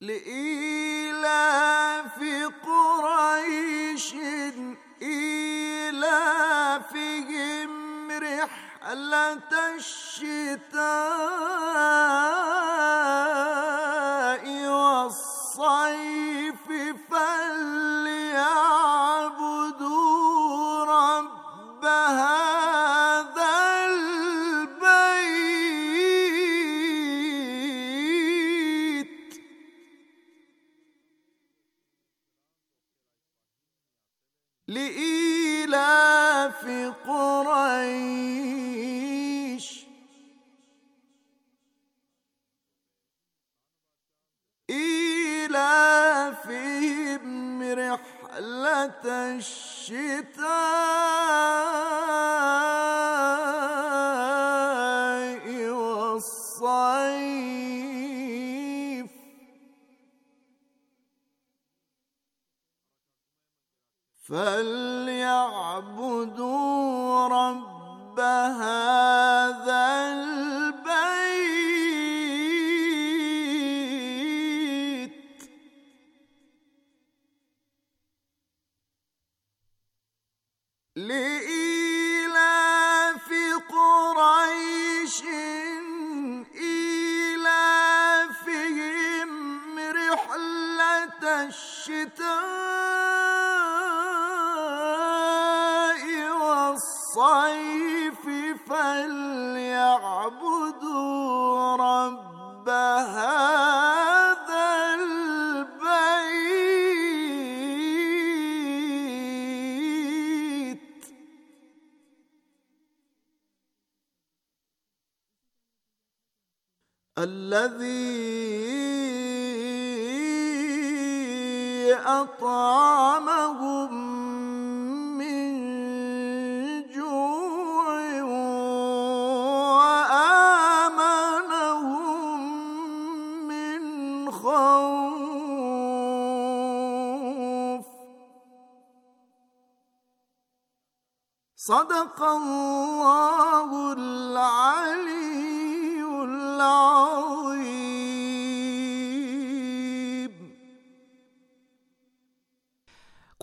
لإيلاف قريش إيلافهم رحلة الشتاء والصيف الشتاء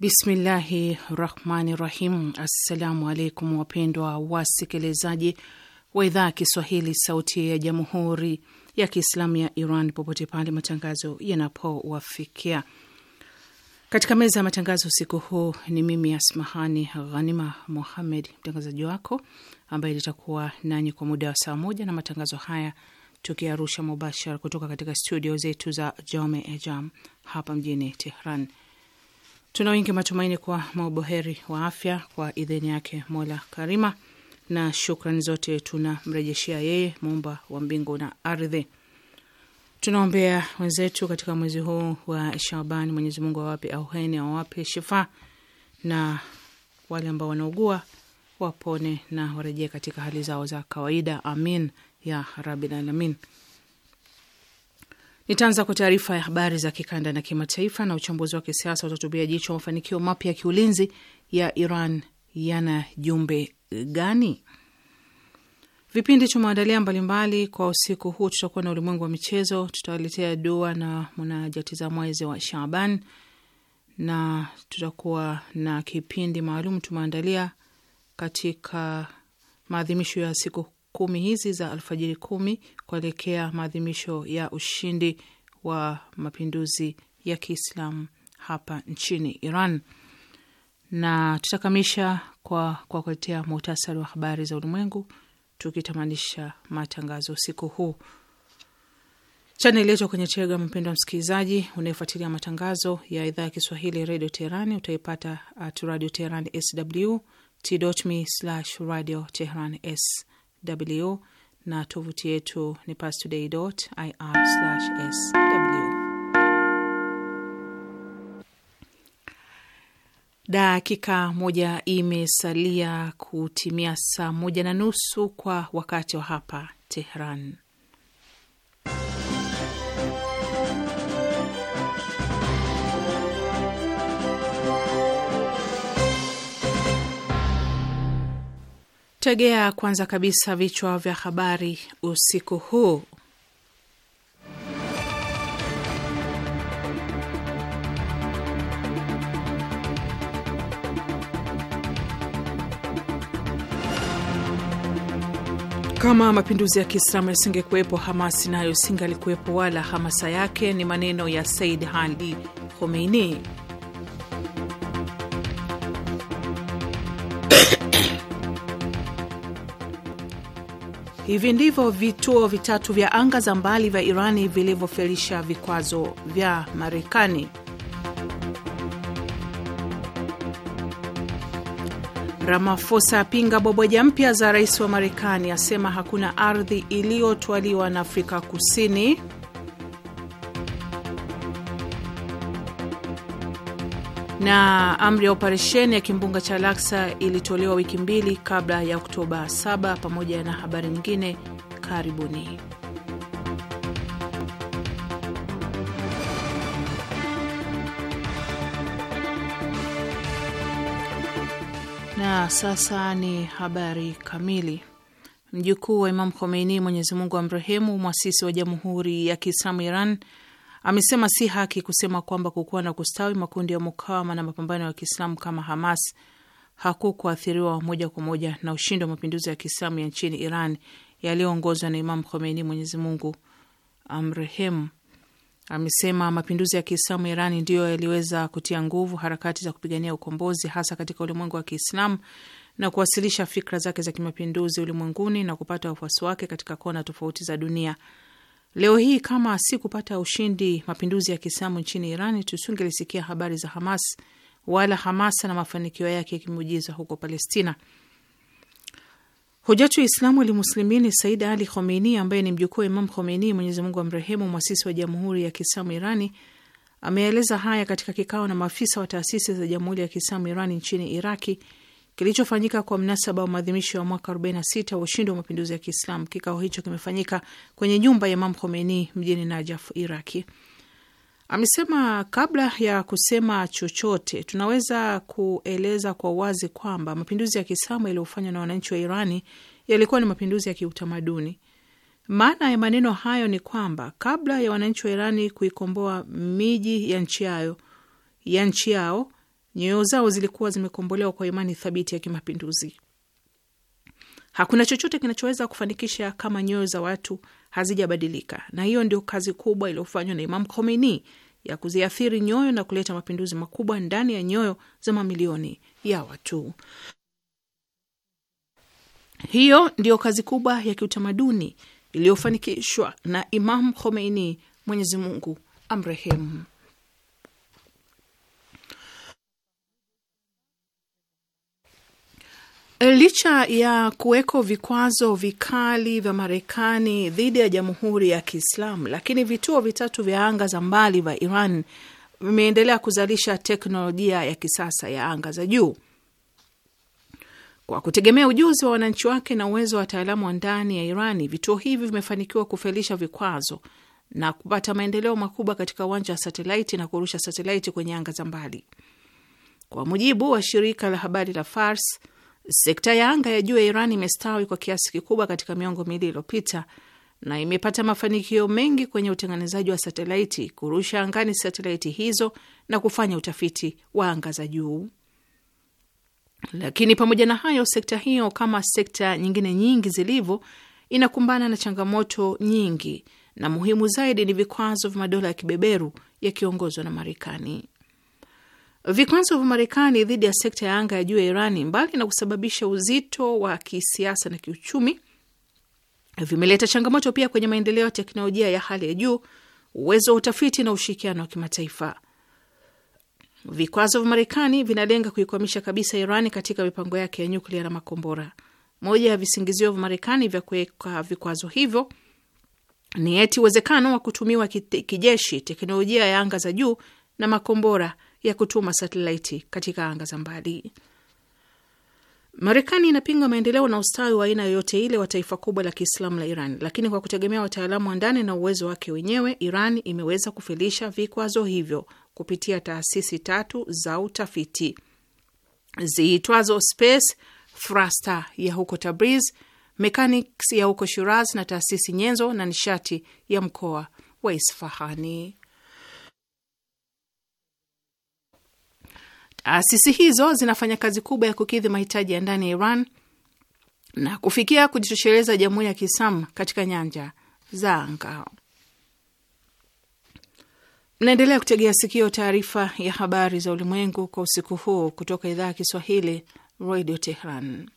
Bismillahi rahmani rahim. Assalamu alaikum wapendwa wasikilizaji wa idhaa ya Kiswahili sauti ya jamhuri ya Kiislamu ya Iran popote pale matangazo yanapowafikia. Katika meza ya matangazo usiku huu ni mimi Asmahani Ghanima Muhammed, mtangazaji wako ambaye litakuwa nanyi kwa muda wa saa moja, na matangazo haya tukiarusha mubashara kutoka katika studio zetu za Jome Ejam hapa mjini Tehran. Tuna wingi matumaini kwa mauboheri wa afya kwa idhini yake Mola Karima, na shukrani zote mrejeshea yeye muumba wa mbingu na ardhi. Tunaombea wenzetu katika mwezi huu wa shaban Mwenyezi Mungu awape auheni, awape shifa, na wale ambao wanaugua wapone na warejee katika hali zao za kawaida. Amin ya rabil alamin. Nitaanza kwa taarifa ya habari za kikanda na kimataifa, na uchambuzi wa kisiasa utatubia jicho mafanikio mapya ya kiulinzi ya Iran yana jumbe gani? Vipindi tumeandalia mbalimbali kwa usiku huu. Tutakuwa na ulimwengu wa michezo, tutawaletea dua na munajati za mwezi wa Shaban, na tutakuwa na kipindi maalum tumeandalia katika maadhimisho ya siku kumi hizi za alfajiri kumi kuelekea maadhimisho ya ushindi wa mapinduzi ya Kiislamu hapa nchini Iran. Na tutakamisha kwa kuwakuletea muhtasari wa habari za ulimwengu, tukitamanisha matangazo usiku huu. Chaneli yetu kwenye Telegram, mpendwa msikilizaji unayefuatilia matangazo ya idhaa ya Kiswahili Radio Teherani, utaipata at radio teheran sw t.me slash radio teheran s sw na tovuti yetu ni pastoday.ir/sw. Dakika moja imesalia kutimia saa moja na nusu kwa wakati wa hapa Tehran. Tegea kwanza kabisa vichwa vya habari usiku huu. Kama mapinduzi ya Kiislamu yasingekuwepo, Hamas nayo singalikuwepo wala hamasa yake, ni maneno ya Said hadi Khomeini. Hivi ndivyo vituo vitatu vya anga za mbali vya Irani vilivyofelisha vikwazo vya Marekani. ramafosa apinga boboja mpya za rais wa Marekani, asema hakuna ardhi iliyotwaliwa na Afrika Kusini. na amri ya operesheni ya kimbunga cha Laksa ilitolewa wiki mbili kabla ya Oktoba 7, pamoja na habari nyingine. Karibuni. Na sasa ni habari kamili. Mjukuu wa Imam Khomeini, Mwenyezi Mungu amrehemu, mwasisi wa Jamhuri ya Kiislamu Iran amesema si haki kusema kwamba kukuwa na kustawi makundi ya mukawama na mapambano ya Kiislamu kama Hamas hakukuathiriwa moja kwa moja na ushindi wa mapinduzi ya Kiislamu ya nchini Iran yaliyoongozwa na Imam Khomeini, Mwenyezi Mungu amrehemu. Amesema mapinduzi ya Kiislamu Iran ndiyo yaliweza kutia nguvu harakati za kupigania ukombozi hasa katika ulimwengu wa Kiislamu na kuwasilisha fikra zake za kimapinduzi ulimwenguni na kupata wafuasi wake katika kona tofauti za dunia. Leo hii kama si kupata ushindi mapinduzi ya Kiislamu nchini Iran, tusingelisikia habari za Hamas wala hamasa na mafanikio yake ya huko Palestina. Hujatu Islamu Alimuslimini Said Ali Khomeini, ambaye ni mjukuu wa Imam Khomeini, Mwenyezi Mungu amrehemu, mwasisi wa Jamhuri ya Kiislamu Irani, ameeleza haya katika kikao na maafisa wa taasisi za Jamhuri ya Kiislamu Irani nchini Iraki kilichofanyika kwa mnasaba wa maadhimisho ya mwaka 46 wa ushindi wa mapinduzi ya Kiislamu. Kikao hicho kimefanyika kwenye nyumba ya Imam Khomeini mjini Najaf, Iraki. Amesema kabla ya kusema chochote, tunaweza kueleza kwa wazi kwamba mapinduzi ya Kiislamu yaliyofanywa na wananchi wa Irani yalikuwa ni mapinduzi ya kiutamaduni. Maana ya maneno hayo ni kwamba kabla ya wananchi wa Irani kuikomboa miji ya nchi yao ya nchi yao nyoyo zao zilikuwa zimekombolewa kwa imani thabiti ya kimapinduzi. Hakuna chochote kinachoweza kufanikisha kama nyoyo za watu hazijabadilika, na hiyo ndio kazi kubwa iliyofanywa na Imam Khomeini ya kuziathiri nyoyo na kuleta mapinduzi makubwa ndani ya nyoyo za mamilioni ya watu. Hiyo ndiyo kazi kubwa ya kiutamaduni iliyofanikishwa na Imam Khomeini, Mwenyezi Mungu amrehemu. Eh, licha ya kuweko vikwazo vikali vya Marekani dhidi ya Jamhuri ya Kiislamu, lakini vituo vitatu vya anga za mbali vya Iran vimeendelea kuzalisha teknolojia ya kisasa ya anga za juu kwa kutegemea ujuzi wa wananchi wake na uwezo wa wataalamu wa ndani ya Irani. Vituo hivi vimefanikiwa kufelisha vikwazo na kupata maendeleo makubwa katika uwanja wa satelaiti na kurusha satelaiti kwenye anga za mbali, kwa mujibu wa shirika la habari la Fars. Sekta ya anga ya juu ya Iran imestawi kwa kiasi kikubwa katika miongo miwili iliyopita na imepata mafanikio mengi kwenye utengenezaji wa satelaiti, kurusha angani satelaiti hizo na kufanya utafiti wa anga za juu. Lakini pamoja na hayo, sekta hiyo kama sekta nyingine nyingi zilivyo, inakumbana na changamoto nyingi, na muhimu zaidi ni vikwazo vya madola ya kibeberu yakiongozwa na Marekani. Vikwazo vya Marekani dhidi ya sekta ya anga ya juu ya Irani, mbali na kusababisha uzito wa kisiasa na kiuchumi, vimeleta changamoto pia kwenye maendeleo ya teknolojia ya hali ya juu, uwezo wa utafiti na ushirikiano wa kimataifa. Vikwazo vya Marekani vinalenga kuikwamisha kabisa Irani katika mipango yake ya nyuklia na makombora. Moja ya visingizio vya Marekani vya kuweka vikwazo hivyo ni eti uwezekano wa kutumiwa kijeshi teknolojia ya anga za juu na makombora ya kutuma satelaiti katika anga za mbali. Marekani inapinga maendeleo na ustawi wa aina yoyote ile wa taifa kubwa la Kiislamu la Iran, lakini kwa kutegemea wataalamu wa ndani na uwezo wake wenyewe, Iran imeweza kufilisha vikwazo hivyo kupitia taasisi tatu za utafiti ziitwazo Space Thruster ya huko Tabriz, Mechanics ya huko Shiraz na taasisi nyenzo na nishati ya mkoa wa Isfahani. Taasisi ah, hizo zinafanya kazi kubwa ya kukidhi mahitaji ya ndani ya Iran na kufikia kujitosheleza jamhuri ya Kiislamu katika nyanja za anga. Mnaendelea kutegea sikio taarifa ya habari za ulimwengu kwa usiku huu kutoka idhaa ya Kiswahili, Radio Tehran.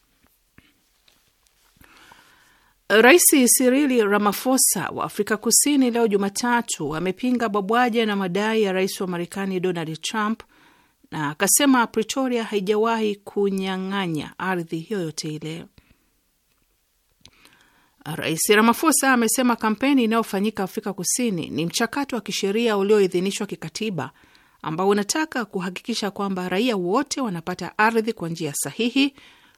Rais Sirili Ramafosa wa Afrika Kusini leo Jumatatu amepinga bwabwaja na madai ya rais wa Marekani Donald Trump na akasema Pretoria haijawahi kunyang'anya ardhi yoyote ile. Rais Ramaphosa amesema kampeni inayofanyika Afrika Kusini ni mchakato wa kisheria ulioidhinishwa kikatiba ambao unataka kuhakikisha kwamba raia wote wanapata ardhi kwa njia sahihi,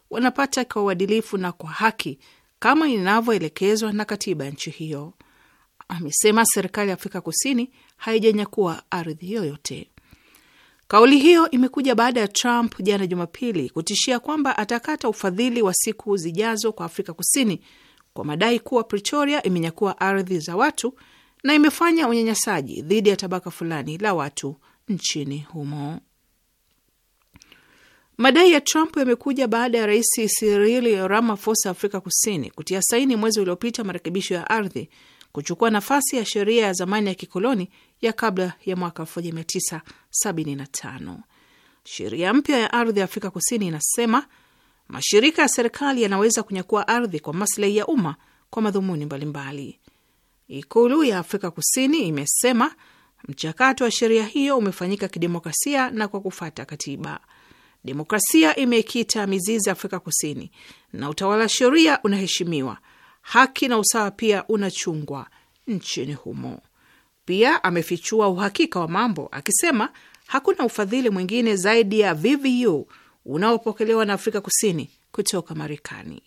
wanapata kwa uadilifu na kwa haki kama inavyoelekezwa na katiba ya nchi hiyo. Amesema serikali ya Afrika Kusini haijanyakua ardhi yoyote. Kauli hiyo imekuja baada ya Trump jana Jumapili kutishia kwamba atakata ufadhili wa siku zijazo kwa Afrika Kusini kwa madai kuwa Pretoria imenyakua ardhi za watu na imefanya unyanyasaji dhidi ya tabaka fulani la watu nchini humo. Madai ya Trump yamekuja baada ya Rais Cyril Ramaphosa Afrika Kusini kutia saini mwezi uliopita marekebisho ya ardhi kuchukua nafasi ya sheria ya zamani ya kikoloni ya kabla ya mwaka 1975. Sheria mpya ya ardhi ya Afrika Kusini inasema mashirika ya serikali yanaweza kunyakua ardhi kwa maslahi ya umma kwa madhumuni mbalimbali. Ikulu ya Afrika Kusini imesema mchakato wa sheria hiyo umefanyika kidemokrasia na kwa kufata katiba. Demokrasia imekita mizizi Afrika Kusini na utawala sheria unaheshimiwa haki na usawa pia unachungwa nchini humo. Pia amefichua uhakika wa mambo akisema hakuna ufadhili mwingine zaidi ya VVU unaopokelewa na Afrika Kusini kutoka Marekani,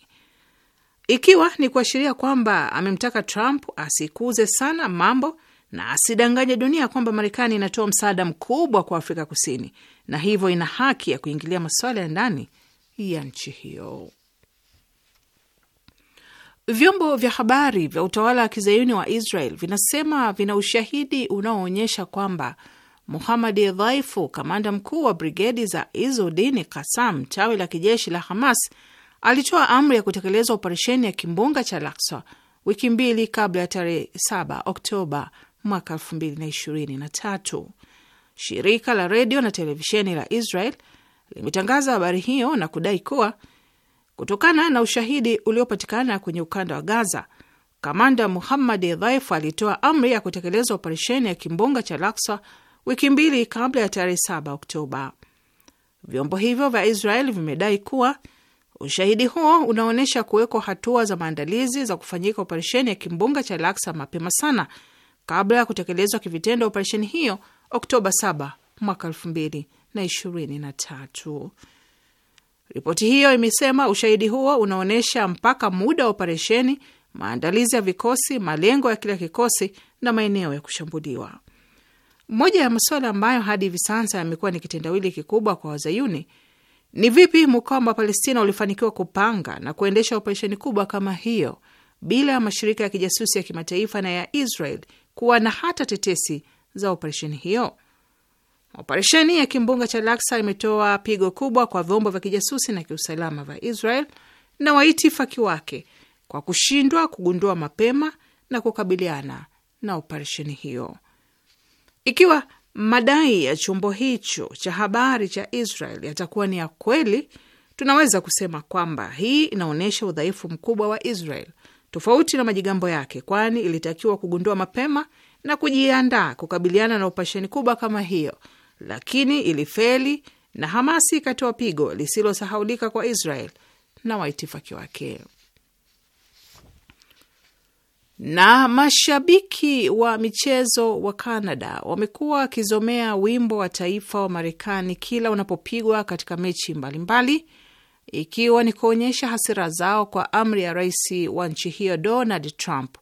ikiwa ni kuashiria kwamba amemtaka Trump asikuze sana mambo na asidanganye dunia kwamba Marekani inatoa msaada mkubwa kwa Afrika Kusini na hivyo ina haki ya kuingilia masuala ya ndani ya nchi hiyo. Vyombo vya habari vya utawala wa kizayuni wa Israel vinasema vina ushahidi unaoonyesha kwamba Muhamadi Dhaifu, kamanda mkuu wa brigedi za Izudini Kasam, tawi la kijeshi la Hamas, alitoa amri ya kutekeleza operesheni ya kimbunga cha Laksa wiki mbili kabla ya tarehe 7 Oktoba mwaka 2023. Shirika la redio na televisheni la Israel limetangaza habari hiyo na kudai kuwa Kutokana na ushahidi uliopatikana kwenye ukanda wa Gaza, kamanda Muhammad Dhaif alitoa amri ya kutekeleza operesheni ya kimbunga cha Laksa wiki mbili kabla ya tarehe 7 Oktoba. Vyombo hivyo vya Israeli vimedai kuwa ushahidi huo unaonyesha kuwekwa hatua za maandalizi za kufanyika operesheni ya kimbunga cha Laksa mapema sana kabla ya kutekelezwa kivitendo operesheni hiyo Oktoba 7 mwaka 2023. Ripoti hiyo imesema ushahidi huo unaonyesha mpaka muda wa operesheni, maandalizi ya vikosi, malengo ya kila kikosi na maeneo ya kushambuliwa. Moja ya masuala ambayo hadi hivi sasa yamekuwa ni kitendawili kikubwa kwa wazayuni ni vipi mkama wa Palestina ulifanikiwa kupanga na kuendesha operesheni kubwa kama hiyo bila ya mashirika ya kijasusi ya kimataifa na ya Israel kuwa na hata tetesi za operesheni hiyo. Operesheni ya kimbunga cha Laksa imetoa pigo kubwa kwa vyombo vya kijasusi na kiusalama vya Israel na waitifaki wake kwa kushindwa kugundua mapema na kukabiliana na operesheni hiyo. Ikiwa madai ya chombo hicho cha habari cha Israel yatakuwa ni ya kweli, tunaweza kusema kwamba hii inaonyesha udhaifu mkubwa wa Israel tofauti na majigambo yake, kwani ilitakiwa kugundua mapema na kujiandaa kukabiliana na operesheni kubwa kama hiyo lakini ilifeli na Hamasi ikatoa pigo lisilosahaulika kwa Israel na waitifaki wake. Na mashabiki wa michezo wa Canada wamekuwa wakizomea wimbo wa taifa wa Marekani kila unapopigwa katika mechi mbalimbali mbali, ikiwa ni kuonyesha hasira zao kwa amri ya rais wa nchi hiyo Donald Trump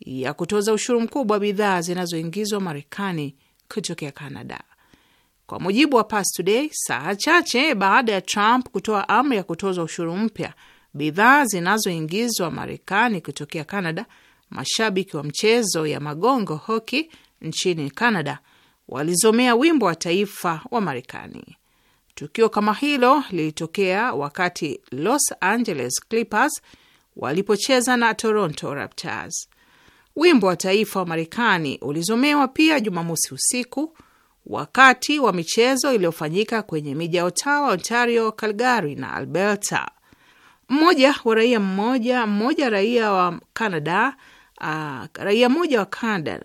ya kutoza ushuru mkubwa bidhaa zinazoingizwa Marekani kutokea Canada. Kwa mujibu wa Pars Today, saa chache baada ya Trump kutoa amri ya kutoza ushuru mpya bidhaa zinazoingizwa Marekani kutokea Canada, mashabiki wa mchezo ya magongo hoki nchini Canada walizomea wimbo wa taifa wa Marekani. Tukio kama hilo lilitokea wakati Los Angeles Clippers walipocheza na Toronto Raptors. Wimbo wa taifa wa Marekani ulizomewa pia Jumamosi usiku wakati wa michezo iliyofanyika kwenye miji ya Ottawa, Ontario, Calgary na Alberta. Mmoja wa raia mmoja mmoja raia wa Canada uh, raia mmoja wa Canada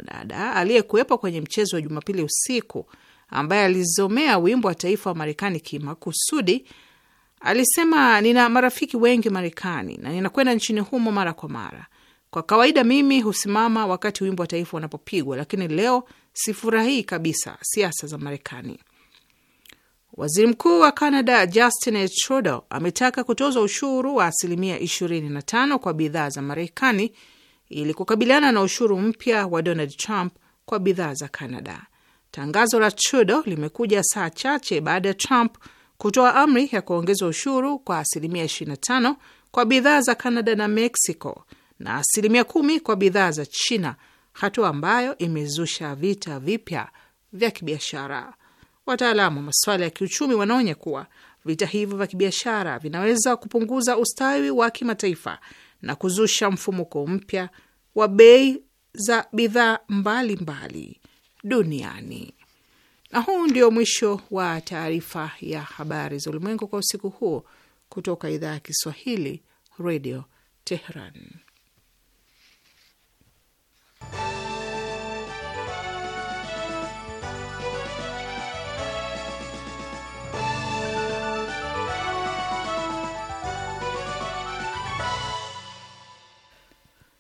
aliyekuwepo kwenye mchezo wa Jumapili usiku ambaye alizomea wimbo wa taifa wa Marekani kimakusudi alisema, nina marafiki wengi Marekani na ninakwenda nchini humo mara kwa mara. Kwa kawaida mimi husimama wakati wimbo wa taifa unapopigwa, lakini leo sifurahii kabisa siasa za Marekani. Waziri mkuu wa Canada Justin Trudeau ametaka kutozwa ushuru wa asilimia 25 kwa bidhaa za Marekani ili kukabiliana na ushuru mpya wa Donald Trump kwa bidhaa za Canada. Tangazo la Trudeau limekuja saa chache baada ya Trump kutoa amri ya kuongeza ushuru kwa asilimia 25 kwa bidhaa za Canada na Mexico na asilimia kumi kwa bidhaa za China hatua ambayo imezusha vita vipya vya kibiashara. Wataalamu wa masuala ya kiuchumi wanaonya kuwa vita hivyo vya kibiashara vinaweza kupunguza ustawi wa kimataifa na kuzusha mfumuko mpya wa bei za bidhaa mbalimbali duniani. Na huu ndio mwisho wa taarifa ya habari za ulimwengu kwa usiku huu kutoka idhaa ya Kiswahili, Radio Teheran.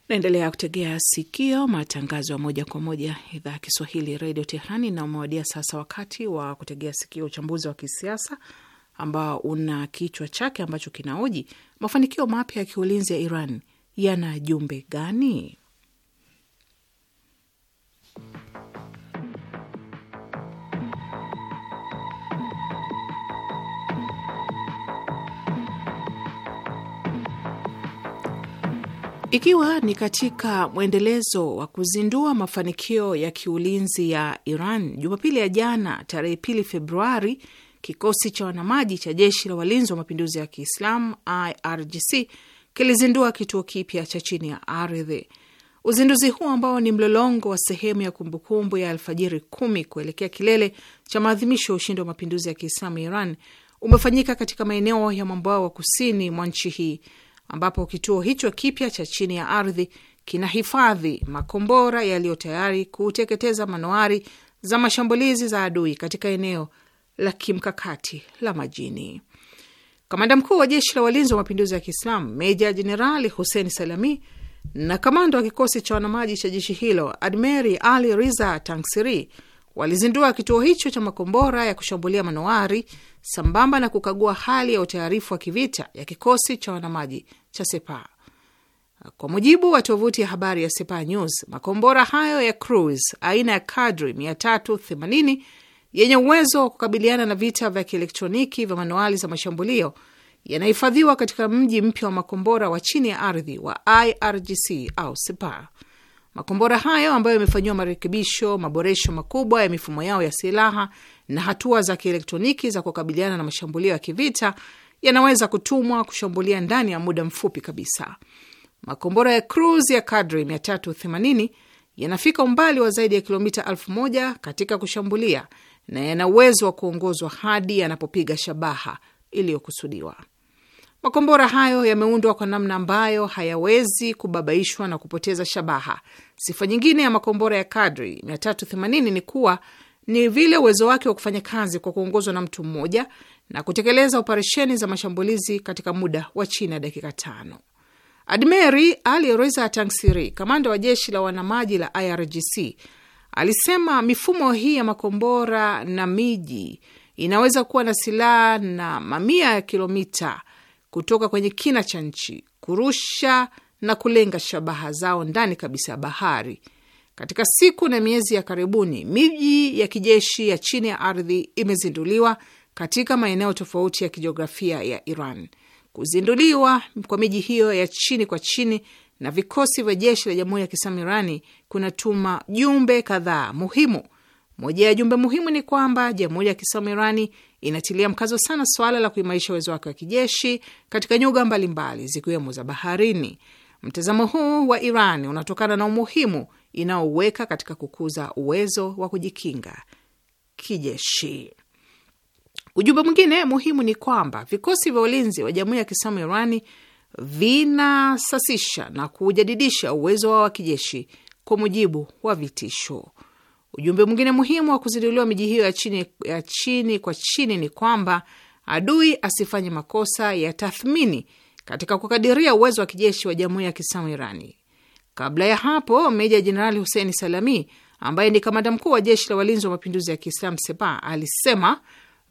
Naendelea kutegea sikio matangazo ya moja kwa moja idhaa ya Kiswahili redio Tehrani. Na umewadia sasa wakati wa kutegea sikio uchambuzi wa kisiasa ambao una kichwa chake ambacho kinaoji mafanikio mapya ya kiulinzi ya Iran yana jumbe gani? Ikiwa ni katika mwendelezo wa kuzindua mafanikio ya kiulinzi ya Iran, Jumapili ya jana tarehe pili Februari, kikosi cha wanamaji cha jeshi la walinzi wa mapinduzi ya Kiislamu IRGC kilizindua kituo kipya cha chini ya ardhi. Uzinduzi huu ambao ni mlolongo wa sehemu ya kumbukumbu ya alfajiri kumi kuelekea kilele cha maadhimisho ya ushindi wa mapinduzi ya Kiislamu Iran umefanyika katika maeneo ya mwambao wa kusini mwa nchi hii ambapo kituo hicho kipya cha chini ya ardhi kinahifadhi makombora yaliyo tayari kuteketeza manowari za mashambulizi za adui katika eneo la kimkakati la majini. Kamanda mkuu wa jeshi la walinzi wa mapinduzi ya Kiislamu Meja Jenerali Hussein Salami na kamanda wa kikosi cha wanamaji cha jeshi hilo Admeri Ali Riza Tangsiri Walizindua kituo hicho cha makombora ya kushambulia manowari sambamba na kukagua hali ya utayarifu wa kivita ya kikosi cha wanamaji cha Sepa. Kwa mujibu wa tovuti ya habari ya Sepa News, makombora hayo ya cruise aina ya Kadri 380 yenye uwezo wa kukabiliana na vita vya kielektroniki vya manuali za mashambulio yanahifadhiwa katika mji mpya wa makombora wa chini ya ardhi wa IRGC au Sepa. Makombora hayo ambayo yamefanyiwa marekebisho, maboresho makubwa ya mifumo yao ya silaha na hatua za kielektroniki za kukabiliana na mashambulio ya kivita yanaweza kutumwa kushambulia ndani ya muda mfupi kabisa. Makombora ya cruise ya kadri 380 yanafika umbali wa zaidi ya kilomita 1000 katika kushambulia na yana uwezo wa kuongozwa hadi yanapopiga shabaha iliyokusudiwa. Makombora hayo yameundwa kwa namna ambayo hayawezi kubabaishwa na kupoteza shabaha. Sifa nyingine ya makombora ya kadri 380 ni kuwa ni vile uwezo wake wa kufanya kazi kwa kuongozwa na mtu mmoja na kutekeleza operesheni za mashambulizi katika muda wa chini ya dakika tano. Admeri Ali Reza Tangsiri, kamanda wa jeshi la wanamaji la IRGC, alisema mifumo hii ya makombora na miji inaweza kuwa na silaha na mamia ya kilomita kutoka kwenye kina cha nchi kurusha na kulenga shabaha zao ndani kabisa ya bahari. Katika siku na miezi ya karibuni, miji ya kijeshi ya chini ya ardhi imezinduliwa katika maeneo tofauti ya kijiografia ya Iran. Kuzinduliwa kwa miji hiyo ya chini kwa chini na vikosi vya jeshi la Jamhuri ya Kiislamu Irani kunatuma jumbe kadhaa muhimu. Moja ya jumbe muhimu ni kwamba Jamhuri ya Kiislamu Irani inatilia mkazo sana swala la kuimarisha uwezo wake wa kijeshi katika nyuga mbalimbali zikiwemo za baharini. Mtazamo huu wa Iran unatokana na umuhimu inaoweka katika kukuza uwezo wa kujikinga kijeshi. Ujumbe mwingine muhimu ni kwamba vikosi vya ulinzi wa Jamhuri ya Kiislamu Irani vinasasisha na kujadidisha uwezo wao wa kijeshi kwa mujibu wa vitisho. Ujumbe mwingine muhimu wa kuzinduliwa miji hiyo ya chini, ya chini kwa chini ni kwamba adui asifanye makosa ya tathmini katika kukadiria uwezo wa kijeshi wa Jamhuri ya Kiislamu Irani. Kabla ya hapo, Meja Jenerali huseni Salami ambaye ni kamanda mkuu wa jeshi la walinzi wa mapinduzi ya Kiislamu sepa alisema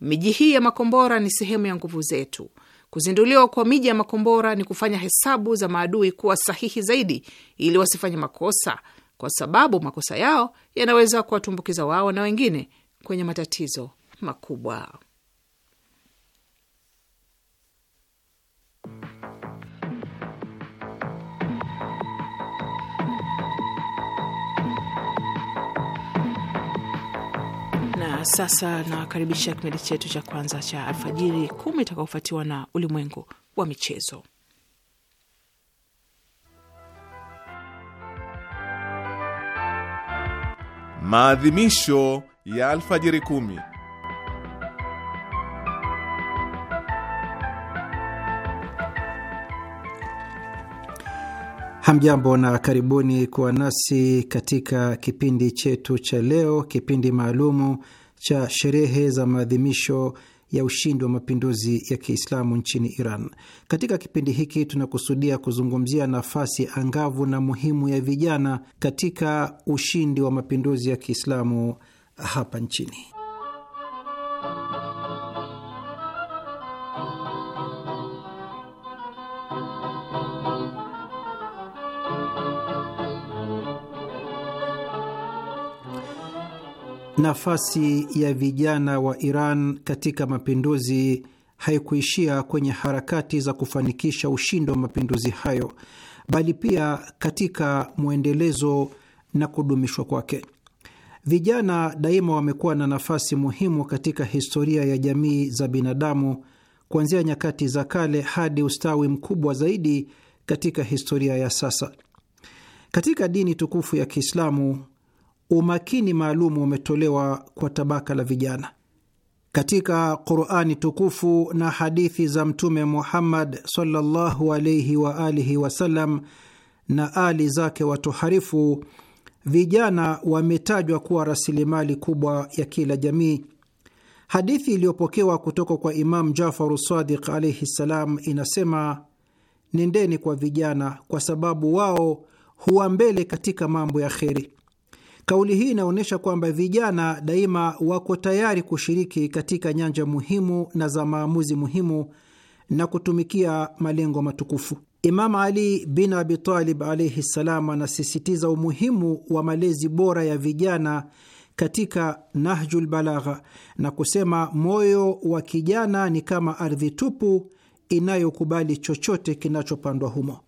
miji hii ya makombora ni sehemu ya nguvu zetu. Kuzinduliwa kwa miji ya makombora ni kufanya hesabu za maadui kuwa sahihi zaidi, ili wasifanye makosa kwa sababu makosa yao yanaweza kuwatumbukiza wao na wengine kwenye matatizo makubwa. Na sasa nawakaribisha kipindi chetu cha kwanza cha alfajiri kumi itakaofuatiwa na ulimwengu wa michezo. Maadhimisho ya alfajiri kumi. Hamjambo na karibuni kuwa nasi katika kipindi chetu cha leo, kipindi maalumu cha sherehe za maadhimisho ya ushindi wa mapinduzi ya Kiislamu nchini Iran. Katika kipindi hiki tunakusudia kuzungumzia nafasi angavu na muhimu ya vijana katika ushindi wa mapinduzi ya Kiislamu hapa nchini. Nafasi ya vijana wa Iran katika mapinduzi haikuishia kwenye harakati za kufanikisha ushindi wa mapinduzi hayo, bali pia katika mwendelezo na kudumishwa kwake. Vijana daima wamekuwa na nafasi muhimu katika historia ya jamii za binadamu kuanzia nyakati za kale hadi ustawi mkubwa zaidi katika historia ya sasa. Katika dini tukufu ya Kiislamu, umakini maalum umetolewa kwa tabaka la vijana katika Qurani tukufu na hadithi za Mtume Muhammad sallallahu alaihi wa alihi wasallam na ali zake watoharifu, vijana wametajwa kuwa rasilimali kubwa ya kila jamii. Hadithi iliyopokewa kutoka kwa Imamu Jafaru Sadiq alaihi ssalam inasema, nendeni kwa vijana, kwa sababu wao huwa mbele katika mambo ya kheri Kauli hii inaonyesha kwamba vijana daima wako tayari kushiriki katika nyanja muhimu na za maamuzi muhimu na kutumikia malengo matukufu. Imamu Ali bin Abi Talib alaihi ssalam anasisitiza umuhimu wa malezi bora ya vijana katika Nahjul Balagha na kusema, moyo wa kijana ni kama ardhi tupu inayokubali chochote kinachopandwa humo.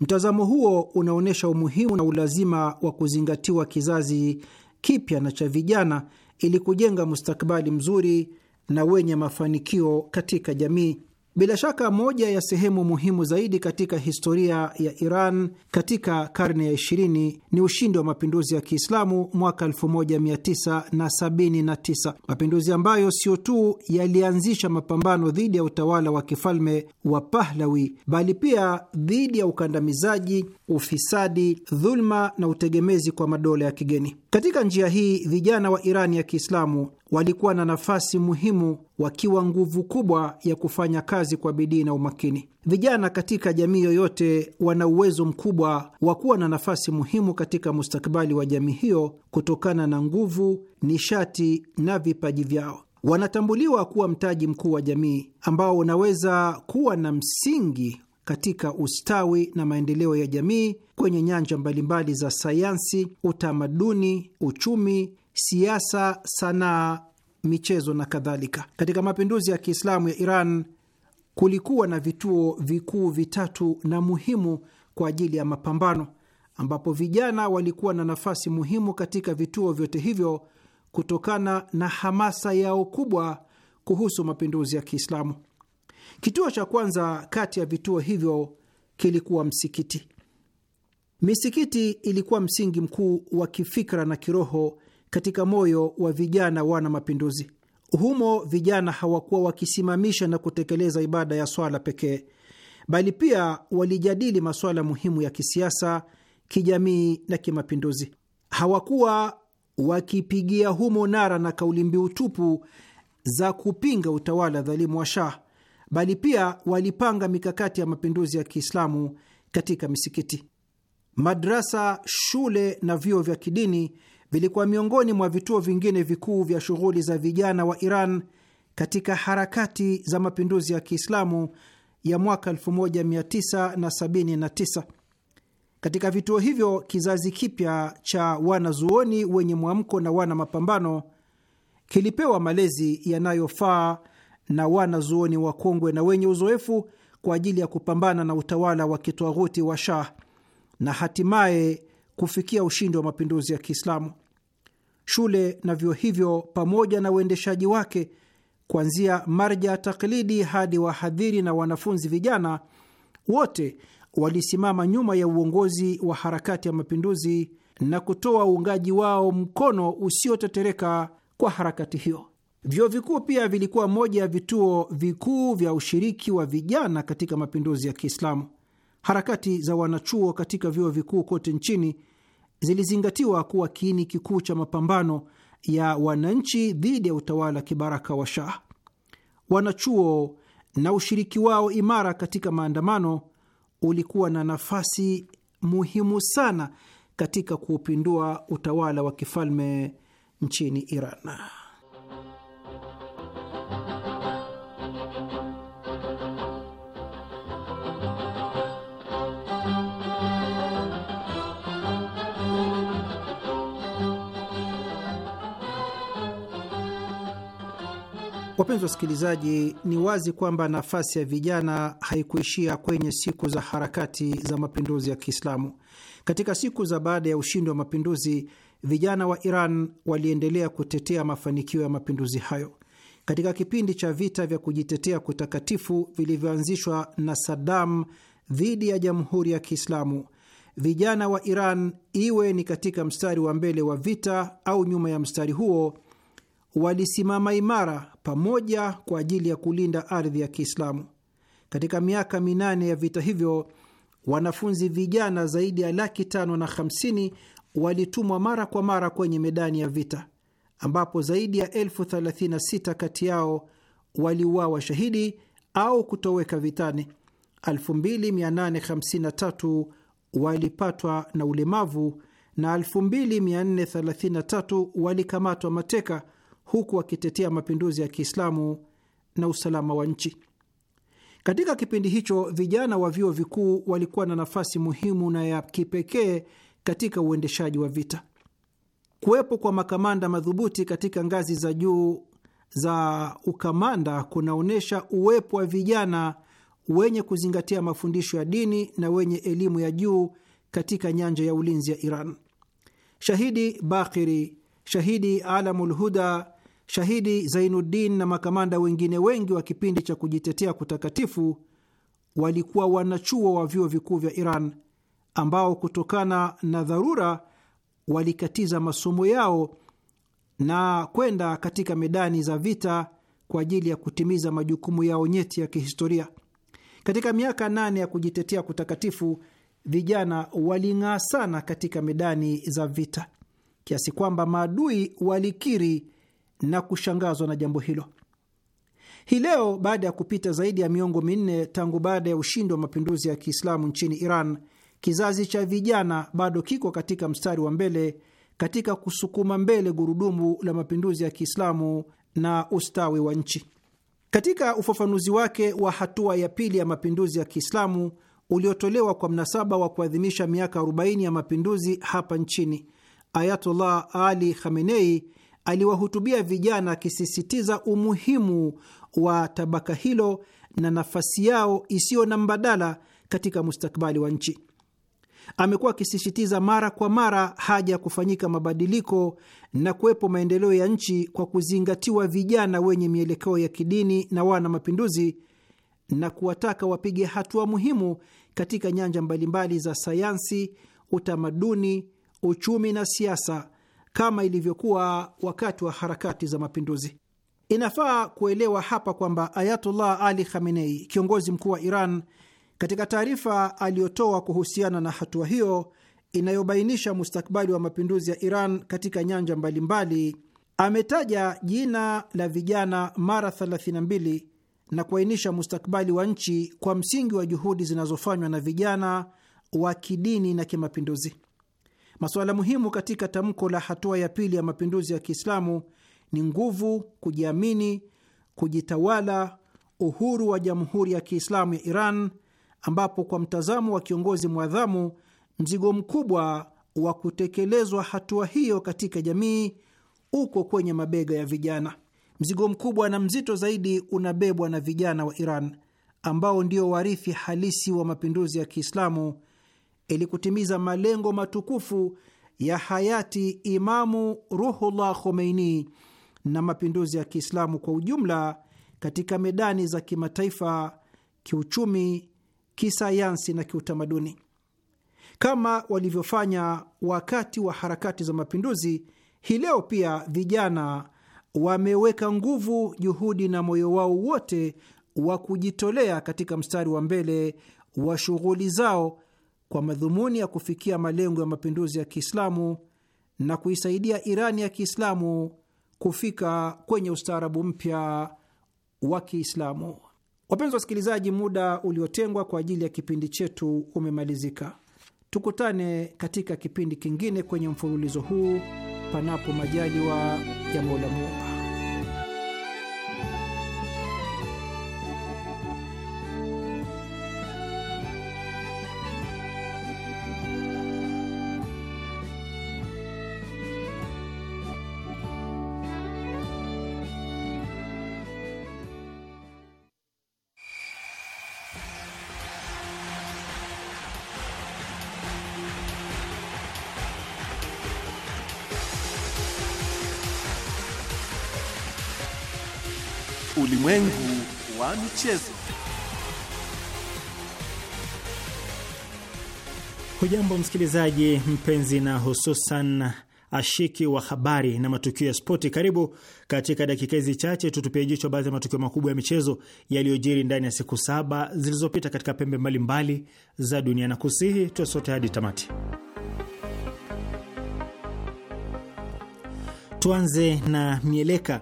Mtazamo huo unaonyesha umuhimu na ulazima wa kuzingatiwa kizazi kipya na cha vijana ili kujenga mustakabali mzuri na wenye mafanikio katika jamii. Bila shaka moja ya sehemu muhimu zaidi katika historia ya Iran katika karne ya 20 ni ushindi wa mapinduzi ya Kiislamu mwaka 1979, mapinduzi ambayo sio tu yalianzisha mapambano dhidi ya utawala wa kifalme wa Pahlawi, bali pia dhidi ya ukandamizaji, ufisadi, dhuluma na utegemezi kwa madola ya kigeni. Katika njia hii, vijana wa Irani ya Kiislamu walikuwa na nafasi muhimu, wakiwa nguvu kubwa ya kufanya kazi kwa bidii na umakini. Vijana katika jamii yoyote wana uwezo mkubwa wa kuwa na nafasi muhimu katika mustakabali wa jamii hiyo kutokana na nguvu, nishati na vipaji vyao. Wanatambuliwa kuwa mtaji mkuu wa jamii ambao unaweza kuwa na msingi katika ustawi na maendeleo ya jamii kwenye nyanja mbalimbali za sayansi, utamaduni, uchumi, siasa, sanaa, michezo na kadhalika. Katika mapinduzi ya Kiislamu ya Iran kulikuwa na vituo vikuu vitatu na muhimu kwa ajili ya mapambano, ambapo vijana walikuwa na nafasi muhimu katika vituo vyote hivyo kutokana na hamasa yao kubwa kuhusu mapinduzi ya Kiislamu. Kituo cha kwanza kati ya vituo hivyo kilikuwa msikiti. Misikiti ilikuwa msingi mkuu wa kifikra na kiroho katika moyo wa vijana wana mapinduzi. Humo vijana hawakuwa wakisimamisha na kutekeleza ibada ya swala pekee, bali pia walijadili masuala muhimu ya kisiasa, kijamii na kimapinduzi. Hawakuwa wakipigia humo nara na kauli mbiu tupu za kupinga utawala dhalimu wa Shah, bali pia walipanga mikakati ya mapinduzi ya Kiislamu katika misikiti, madrasa, shule na vyuo vya kidini vilikuwa miongoni mwa vituo vingine vikuu vya shughuli za vijana wa Iran katika harakati za mapinduzi ya Kiislamu ya mwaka 1979. Katika vituo hivyo kizazi kipya cha wanazuoni wenye mwamko na wana mapambano kilipewa malezi yanayofaa na wanazuoni wakongwe na wenye uzoefu kwa ajili ya kupambana na utawala wa kitwaghuti wa Shah na hatimaye kufikia ushindi wa mapinduzi ya Kiislamu. Shule na vyuo hivyo pamoja na uendeshaji wake, kuanzia marja taklidi hadi wahadhiri na wanafunzi vijana, wote walisimama nyuma ya uongozi wa harakati ya mapinduzi na kutoa uungaji wao mkono usiotetereka kwa harakati hiyo. Vyuo vikuu pia vilikuwa moja ya vituo vikuu vya ushiriki wa vijana katika mapinduzi ya Kiislamu. Harakati za wanachuo katika vyuo vikuu kote nchini zilizingatiwa kuwa kiini kikuu cha mapambano ya wananchi dhidi ya utawala kibaraka wa Shah. Wanachuo na ushiriki wao imara katika maandamano ulikuwa na nafasi muhimu sana katika kuupindua utawala wa kifalme nchini Iran. Wapenzi wasikilizaji, ni wazi kwamba nafasi ya vijana haikuishia kwenye siku za harakati za mapinduzi ya Kiislamu. Katika siku za baada ya ushindi wa mapinduzi, vijana wa Iran waliendelea kutetea mafanikio ya mapinduzi hayo. Katika kipindi cha vita vya kujitetea kutakatifu vilivyoanzishwa na Saddam dhidi ya jamhuri ya Kiislamu, vijana wa Iran, iwe ni katika mstari wa mbele wa vita au nyuma ya mstari huo walisimama imara pamoja kwa ajili ya kulinda ardhi ya Kiislamu. Katika miaka minane ya vita hivyo, wanafunzi vijana zaidi ya laki tano na hamsini walitumwa mara kwa mara kwenye medani ya vita, ambapo zaidi ya elfu thelathini na sita kati yao waliuawa shahidi au kutoweka vitani. 2853 walipatwa na ulemavu na 2433 walikamatwa mateka huku akitetea mapinduzi ya Kiislamu na usalama wa nchi. Katika kipindi hicho, vijana wa vyuo vikuu walikuwa na nafasi muhimu na ya kipekee katika uendeshaji wa vita. Kuwepo kwa makamanda madhubuti katika ngazi za juu za ukamanda kunaonyesha uwepo wa vijana wenye kuzingatia mafundisho ya dini na wenye elimu ya juu katika nyanja ya ulinzi ya Iran. Shahidi Bakiri, Shahidi Alamul Huda Shahidi Zainuddin na makamanda wengine wengi wa kipindi cha kujitetea kutakatifu walikuwa wanachuo wa vyuo vikuu vya Iran ambao kutokana na dharura walikatiza masomo yao na kwenda katika medani za vita kwa ajili ya kutimiza majukumu yao nyeti ya kihistoria. Katika miaka nane ya kujitetea kutakatifu, vijana waling'aa sana katika medani za vita kiasi kwamba maadui walikiri na kushangazwa na jambo hilo. Hii leo baada ya kupita zaidi ya miongo minne tangu baada ya ushindi wa mapinduzi ya Kiislamu nchini Iran, kizazi cha vijana bado kiko katika mstari wa mbele katika kusukuma mbele gurudumu la mapinduzi ya Kiislamu na ustawi wa nchi. Katika ufafanuzi wake wa hatua ya pili ya mapinduzi ya Kiislamu uliotolewa kwa mnasaba wa kuadhimisha miaka 40 ya mapinduzi hapa nchini, Ayatullah Ali Khamenei aliwahutubia vijana akisisitiza umuhimu wa tabaka hilo na nafasi yao isiyo na mbadala katika mustakabali wa nchi. Amekuwa akisisitiza mara kwa mara haja ya kufanyika mabadiliko na kuwepo maendeleo ya nchi kwa kuzingatiwa vijana wenye mielekeo ya kidini na wana mapinduzi, na kuwataka wapige hatua muhimu katika nyanja mbalimbali za sayansi, utamaduni, uchumi na siasa kama ilivyokuwa wakati wa harakati za mapinduzi. Inafaa kuelewa hapa kwamba Ayatullah Ali Khamenei, kiongozi mkuu wa Iran, katika taarifa aliyotoa kuhusiana na hatua hiyo inayobainisha mustakabali wa mapinduzi ya Iran katika nyanja mbalimbali, ametaja jina la vijana mara 32 na kuainisha mustakabali wa nchi kwa msingi wa juhudi zinazofanywa na vijana wa kidini na kimapinduzi. Masuala muhimu katika tamko la hatua ya pili ya mapinduzi ya Kiislamu ni nguvu, kujiamini, kujitawala, uhuru wa Jamhuri ya Kiislamu ya Iran, ambapo kwa mtazamo wa kiongozi mwadhamu, mzigo mkubwa wa kutekelezwa hatua hiyo katika jamii uko kwenye mabega ya vijana. Mzigo mkubwa na mzito zaidi unabebwa na vijana wa Iran ambao ndio warithi halisi wa mapinduzi ya Kiislamu ili kutimiza malengo matukufu ya hayati Imamu Ruhullah Khomeini na mapinduzi ya Kiislamu kwa ujumla katika medani za kimataifa, kiuchumi, kisayansi na kiutamaduni, kama walivyofanya wakati wa harakati za mapinduzi. Hii leo pia vijana wameweka nguvu, juhudi na moyo wao wote wa kujitolea katika mstari wa mbele wa shughuli zao kwa madhumuni ya kufikia malengo ya mapinduzi ya Kiislamu na kuisaidia Irani ya Kiislamu kufika kwenye ustaarabu mpya wa Kiislamu. Wapenzi wasikilizaji, muda uliotengwa kwa ajili ya kipindi chetu umemalizika. Tukutane katika kipindi kingine kwenye mfululizo huu, panapo majaliwa ya Mola Muumba. michezo. Hujambo msikilizaji mpenzi, na hususan ashiki wa habari na matukio ya spoti. Karibu katika dakika hizi chache tutupia jicho baadhi ya matukio makubwa ya michezo yaliyojiri ndani ya siku saba zilizopita katika pembe mbalimbali mbali za dunia, na kusihi tuwe sote hadi tamati. Tuanze na mieleka.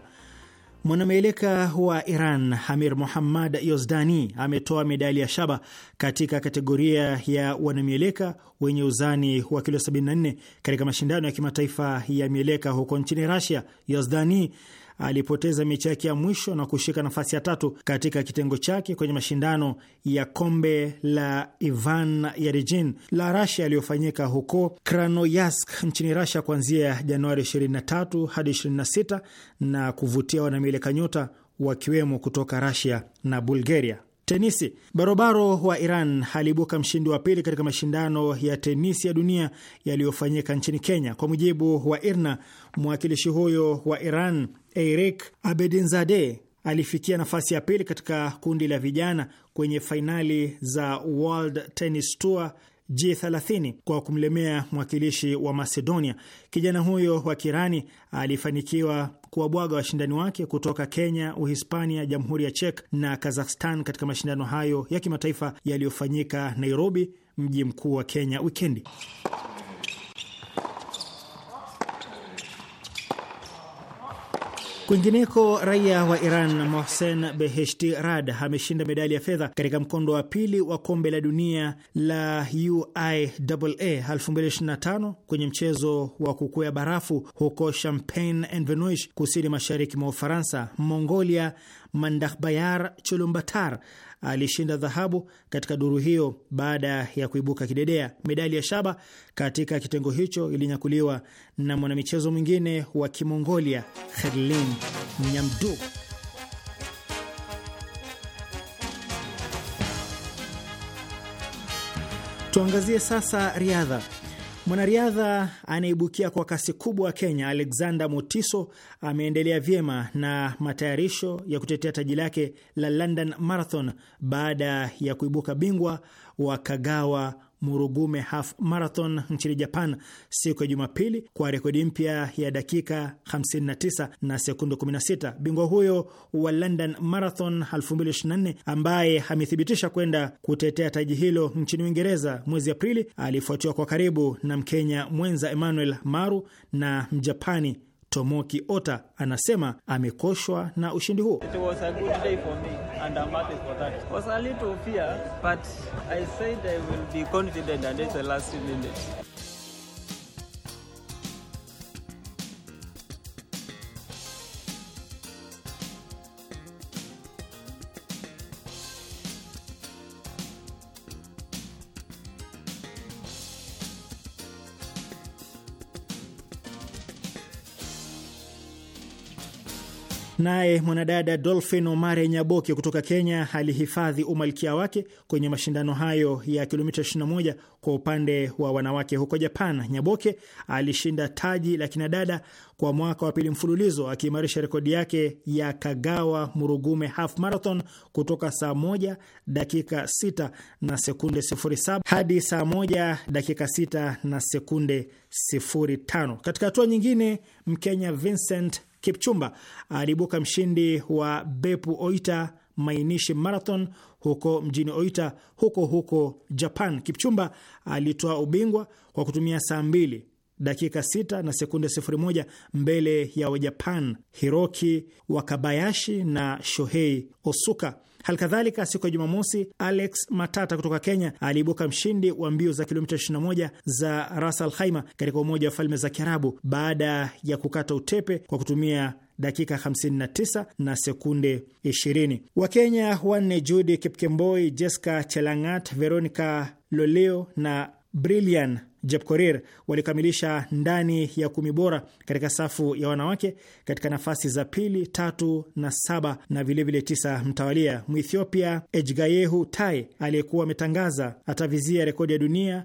Mwanameleka wa Iran Hamir Muhammad Yozdani ametoa medali ya shaba katika kategoria ya wanamieleka wenye uzani wa kilo 74 katika mashindano ya kimataifa ya mieleka huko nchini rasia Yozdani alipoteza mechi yake ya mwisho na kushika nafasi ya tatu katika kitengo chake kwenye mashindano ya kombe la Ivan Yarijin la Rasia yaliyofanyika huko Krasnoyarsk nchini Rasia kuanzia Januari 23 hadi 26 na kuvutia wanamieleka nyota wakiwemo kutoka Rasia na Bulgaria. Tenisi. Barobaro wa Iran aliibuka mshindi wa pili katika mashindano ya tenisi ya dunia yaliyofanyika nchini Kenya. Kwa mujibu wa IRNA, mwakilishi huyo wa Iran Eirik Abedinzade alifikia nafasi ya pili katika kundi la vijana kwenye fainali za World Tennis Tour G30 kwa kumlemea mwakilishi wa Macedonia. Kijana huyo wa Kirani alifanikiwa kuwabwaga washindani wake kutoka Kenya, Uhispania, Jamhuri ya Czech na Kazakhstan katika mashindano hayo ya kimataifa yaliyofanyika Nairobi, mji mkuu wa Kenya, wikendi. Kwingineko, raia wa Iran Mohsen Beheshti Rad ameshinda medali ya fedha katika mkondo wa pili wa kombe la dunia la UIAA 2025 kwenye mchezo wa kukwea barafu huko Champagne en kusini mashariki mwa Ufaransa. Mongolia Mandakhbayar Chulumbatar alishinda dhahabu katika duru hiyo baada ya kuibuka kidedea. Medali ya shaba katika kitengo hicho ilinyakuliwa na mwanamichezo mwingine wa Kimongolia herlin nyamdu Tuangazie sasa riadha. Mwanariadha anayeibukia kwa kasi kubwa wa Kenya Alexander Motiso ameendelea vyema na matayarisho ya kutetea taji lake la London Marathon baada ya kuibuka bingwa wa Kagawa Murugume Half Marathon nchini Japan siku ya Jumapili kwa rekodi mpya ya dakika 59 na sekunde 16. Bingwa huyo wa London Marathon 2024 ambaye amethibitisha kwenda kutetea taji hilo nchini Uingereza mwezi Aprili, alifuatiwa kwa karibu na Mkenya mwenza Emmanuel Maru na Mjapani Tomoki Ota. Anasema amekoshwa na ushindi huo. It was a good day for me. and I'm happy for that. was a little fear, but I said I will be confident and it's the last minute. Naye mwanadada Dolphin Omare Nyaboke kutoka Kenya alihifadhi umalkia wake kwenye mashindano hayo ya kilomita 21 kwa upande wa wanawake huko Japan. Nyaboke alishinda taji la kinadada kwa mwaka wa pili mfululizo akiimarisha rekodi yake ya Kagawa Murugume half marathon kutoka saa moja dakika 6 na sekunde 07 hadi saa moja dakika 6 na sekunde tano. Katika hatua nyingine, Mkenya Vincent Kipchumba aliibuka mshindi wa bepu Oita mainishi Marathon huko mjini Oita huko huko Japan. Kipchumba alitoa ubingwa kwa kutumia saa mbili dakika 6 na sekunde 1 mbele ya Wajapan Hiroki Wakabayashi na Shohei Osuka. Halikadhalika, siku ya Jumamosi, Alex Matata kutoka Kenya aliibuka mshindi wa mbio za kilomita 21 za Ras Al Khaima katika Umoja wa Falme za Kiarabu baada ya kukata utepe kwa kutumia dakika 59 na sekunde 20. Wakenya wanne Judy Kipkemboi, Jessica Chelangat, Veronica Loleo na Brilian Jepkorir walikamilisha ndani ya kumi bora katika safu ya wanawake katika nafasi za pili, tatu na saba na vilevile vile tisa mtawalia. Mwethiopia Ejgayehu Tai aliyekuwa ametangaza atavizia rekodi ya dunia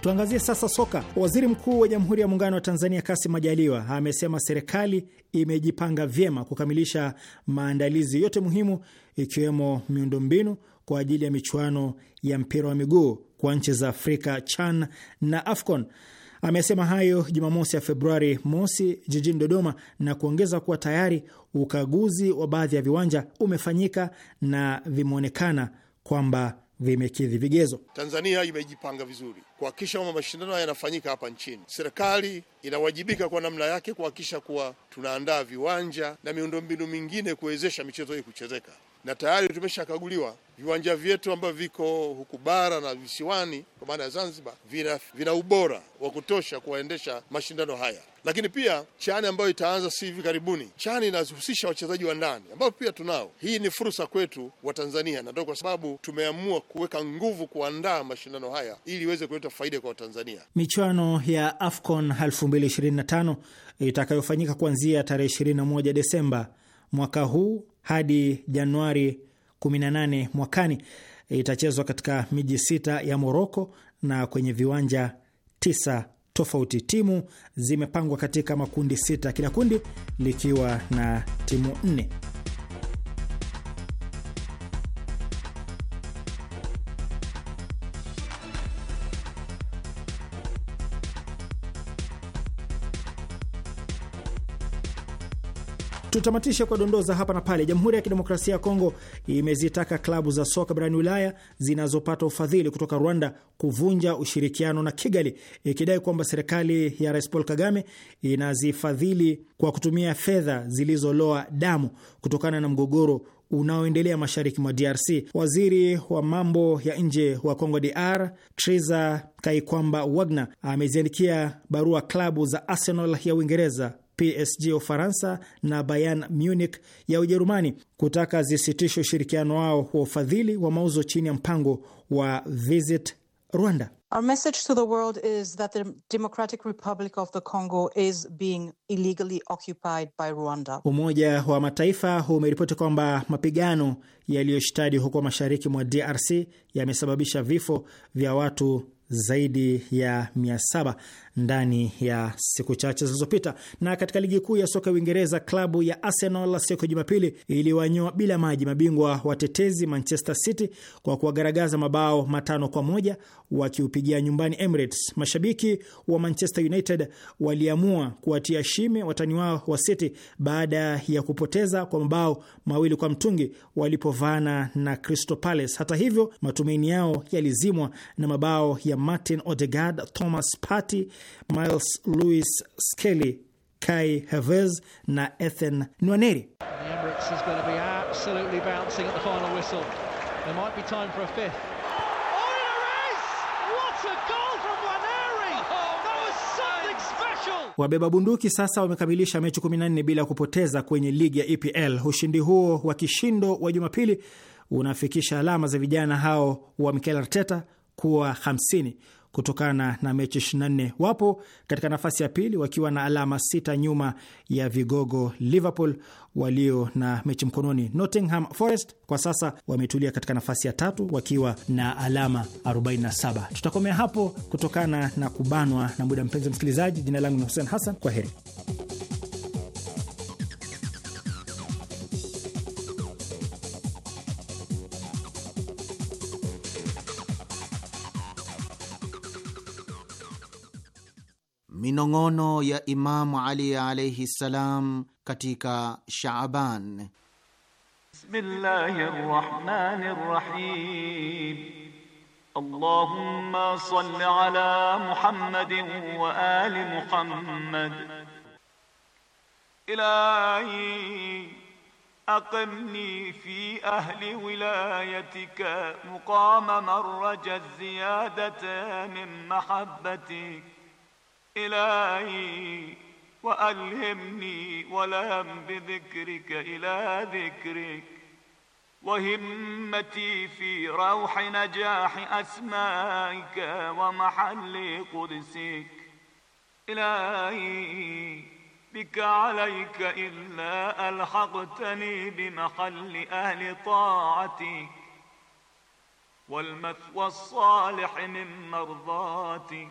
Tuangazie sasa soka. Waziri Mkuu wa Jamhuri ya Muungano wa Tanzania Kassim Majaliwa amesema serikali imejipanga vyema kukamilisha maandalizi yote muhimu ikiwemo miundombinu kwa ajili ya michuano ya mpira wa miguu kwa nchi za Afrika, CHAN na AFCON. Amesema hayo Jumamosi ya Februari mosi jijini Dodoma na kuongeza kuwa tayari ukaguzi wa baadhi ya viwanja umefanyika na vimeonekana kwamba vimekidhi vigezo. Tanzania imejipanga vizuri kuhakikisha kwamba mashindano haya yanafanyika hapa nchini. Serikali inawajibika kwa namna yake kuhakikisha kuwa tunaandaa viwanja na miundombinu mingine kuwezesha michezo hii kuchezeka na tayari tumeshakaguliwa viwanja vyetu ambavyo viko huku bara na visiwani kwa maana ya Zanzibar vina, vina ubora wa kutosha kuwaendesha mashindano haya, lakini pia chani ambayo itaanza si hivi karibuni, chani inahusisha wachezaji wa ndani ambao pia tunao. Hii ni fursa kwetu wa Tanzania, na ndio kwa sababu tumeamua kuweka nguvu kuandaa mashindano haya ili iweze kuleta faida kwa Watanzania. Michuano ya AFCON 2025 itakayofanyika kuanzia tarehe 21 Desemba mwaka huu hadi Januari 18 mwakani itachezwa katika miji sita ya Moroko na kwenye viwanja tisa tofauti. Timu zimepangwa katika makundi sita, kila kundi likiwa na timu nne. Tutamatisha kwa dondoza hapa na pale. Jamhuri ya Kidemokrasia ya Kongo imezitaka klabu za soka barani Ulaya zinazopata ufadhili kutoka Rwanda kuvunja ushirikiano na Kigali, ikidai kwamba serikali ya Rais Paul Kagame inazifadhili kwa kutumia fedha zilizoloa damu kutokana na mgogoro unaoendelea mashariki mwa DRC. Waziri wa mambo ya nje wa Congo DR Trisa Kaikwamba Wagner ameziandikia barua klabu za Arsenal ya Uingereza, PSG ya Ufaransa na Bayern Munich ya Ujerumani kutaka zisitishe ushirikiano wao wa ufadhili wa mauzo chini ya mpango wa Visit Rwanda. Our message to the world is that the Democratic Republic of the Congo is being illegally occupied by Rwanda. Umoja wa Mataifa umeripoti kwamba mapigano yaliyoshtadi huko mashariki mwa DRC yamesababisha vifo vya watu zaidi ya 700 ndani ya siku chache zilizopita. Na katika ligi kuu ya soka ya Uingereza, klabu ya Arsenal siku ya Jumapili iliwanyoa bila maji mabingwa watetezi Manchester City kwa kuwagaragaza mabao matano kwa moja wakiupigia nyumbani Emirates. Mashabiki wa Manchester United waliamua kuwatia shime watani wao wa City baada ya kupoteza kwa mabao mawili kwa mtungi walipovaana na Crystal Palace. Hata hivyo, matumaini yao yalizimwa na mabao ya Martin Odegaard, Thomas Partey Miles Lewis Skelly, Kai Havertz na Ethan Nwaneri. Oh, Wabeba bunduki sasa wamekamilisha mechi 14 bila kupoteza kwenye ligi ya EPL. Ushindi huo wa kishindo wa Jumapili unafikisha alama za vijana hao wa Mikel Arteta kuwa 50 kutokana na mechi 24. Wapo katika nafasi ya pili wakiwa na alama sita nyuma ya vigogo Liverpool walio na mechi mkononi. Nottingham Forest kwa sasa wametulia katika nafasi ya tatu wakiwa na alama 47. Tutakomea hapo kutokana na kubanwa na muda. Mpenzi msikilizaji, jina langu ni Hussein Hassan, kwa heri. minong'ono ya Imamu Ali alaihi ssalam katika Shaaban. Bismillahir Rahmanir rahim. Allahumma salli ala Muhammadin wa ali Muhammad. Ilahi أقمني في أهل ولايتك مقام مرج الزيادة من محبتك إلهي وألهمني ولهم بذكرك إلى ذكرك وهمتي في روح نجاح أسمائك ومحل قدسك إلهي بك عليك إلا ألحقتني بمحل أهل طاعتك والمثوى الصالح من مرضاتك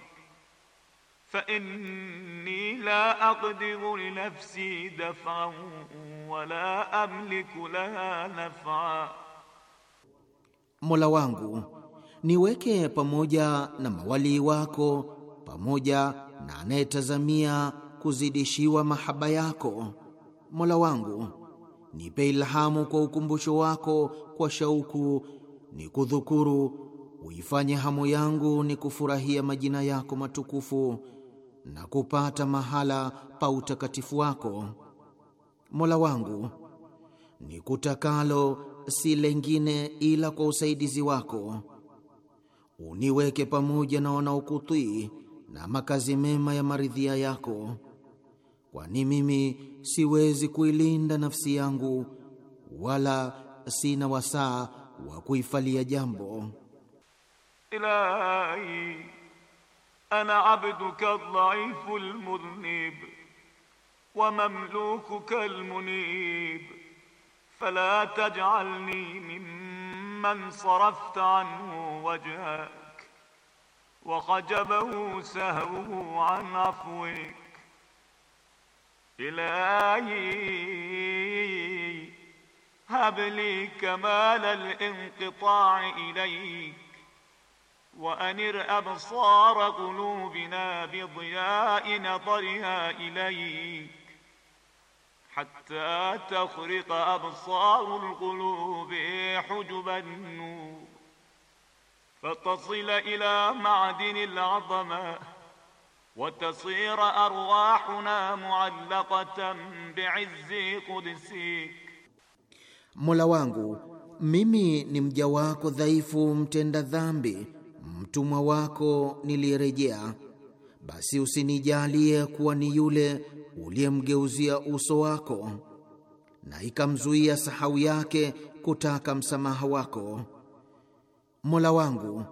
fa inni la aqdiru li nafsi daf'an wa la amliku laha naf'a, Mola wangu niweke pamoja na mawalii wako pamoja na anayetazamia kuzidishiwa mahaba yako. Mola wangu nipe ilhamu kwa ukumbusho wako, kwa shauku ni kudhukuru, uifanye hamu yangu ni kufurahia majina yako matukufu na kupata mahala pa utakatifu wako. Mola wangu, ni kutakalo si lengine ila kwa usaidizi wako. Uniweke pamoja na wanaokutii na makazi mema ya maridhia yako, kwani mimi siwezi kuilinda nafsi yangu wala sina wasaa wa kuifalia jambo. Ilahi أنا عبدك الضعيف المذنب ومملوكك المنيب فلا تجعلني ممن صرفت عنه وجهك وخجبه سهوه عن عفوك إلهي هب لي كمال الانقطاع إليك wa anir absara qulubina bi dhiya'i natariha ilayk hatta takhriqa absarul qulubi hujuban nur fatasila ila ma'dinil 'azama watasira arwahuna muallaqatan bi'izzi qudsi, Mola wangu mimi ni mja wako dhaifu, mtenda dhambi mtumwa wako nilirejea, basi usinijalie kuwa ni yule uliyemgeuzia uso wako na ikamzuia sahau yake kutaka msamaha wako. Mola wangu,